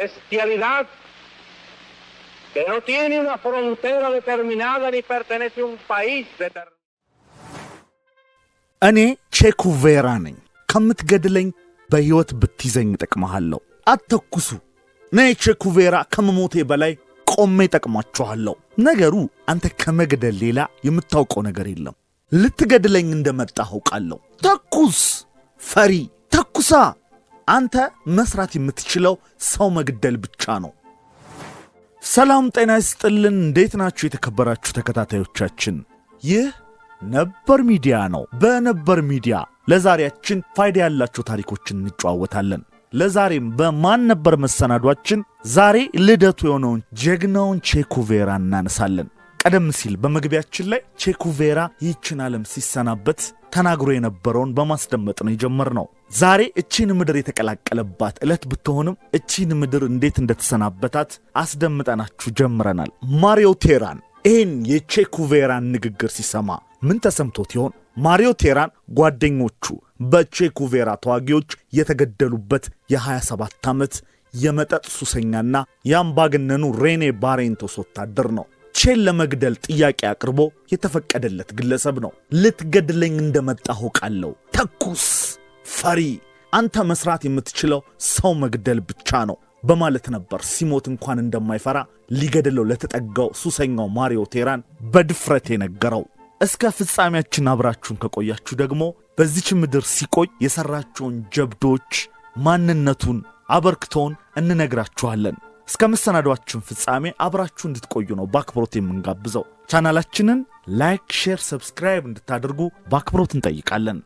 bestialidad que no tiene una frontera determinada ni pertenece a un país determinado. እኔ ቼኩቬራ ነኝ። ከምትገድለኝ በሕይወት ብትይዘኝ እጠቅመሃለሁ። አትተኩሱ። እኔ ቼኩቬራ ከመሞቴ በላይ ቆሜ እጠቅማችኋለሁ። ነገሩ አንተ ከመግደል ሌላ የምታውቀው ነገር የለም። ልትገድለኝ እንደመጣ አውቃለሁ። ተኩስ ፈሪ፣ ተኩሳ አንተ መስራት የምትችለው ሰው መግደል ብቻ ነው። ሰላም ጤና ይስጥልን። እንዴት ናችሁ የተከበራችሁ ተከታታዮቻችን? ይህ ነበር ሚዲያ ነው። በነበር ሚዲያ ለዛሬያችን ፋይዳ ያላቸው ታሪኮችን እንጨዋወታለን። ለዛሬም በማን ነበር መሰናዷችን ዛሬ ልደቱ የሆነውን ጀግናውን ቼኩቬራ እናነሳለን። ቀደም ሲል በመግቢያችን ላይ ቼኩቬራ ይህችን ዓለም ሲሰናበት ተናግሮ የነበረውን በማስደመጥ ነው የጀመርነው። ዛሬ እቺን ምድር የተቀላቀለባት ዕለት ብትሆንም እቺን ምድር እንዴት እንደተሰናበታት አስደምጠናችሁ ጀምረናል። ማሪዮ ቴራን ይህን የቼኩቬራን ንግግር ሲሰማ ምን ተሰምቶት ይሆን? ማሪዮ ቴራን ጓደኞቹ በቼኩቬራ ተዋጊዎች የተገደሉበት የ27 ዓመት የመጠጥ ሱሰኛና የአምባገነኑ ሬኔ ባሬንቶስ ወታደር ነው። ቼን ለመግደል ጥያቄ አቅርቦ የተፈቀደለት ግለሰብ ነው። ልትገድለኝ እንደመጣ አውቃለሁ፣ ተኩስ ፈሪ፣ አንተ መስራት የምትችለው ሰው መግደል ብቻ ነው በማለት ነበር ሲሞት እንኳን እንደማይፈራ ሊገድለው ለተጠጋው ሱሰኛው ማሪዮ ቴራን በድፍረት የነገረው። እስከ ፍጻሜያችን አብራችሁን ከቆያችሁ ደግሞ በዚች ምድር ሲቆይ የሠራቸውን ጀብዶች፣ ማንነቱን፣ አበርክቶውን እንነግራችኋለን። እስከ መሰናዷችን ፍጻሜ አብራችሁ እንድትቆዩ ነው በአክብሮት የምንጋብዘው። ቻናላችንን ላይክ፣ ሼር፣ ሰብስክራይብ እንድታደርጉ በአክብሮት እንጠይቃለን።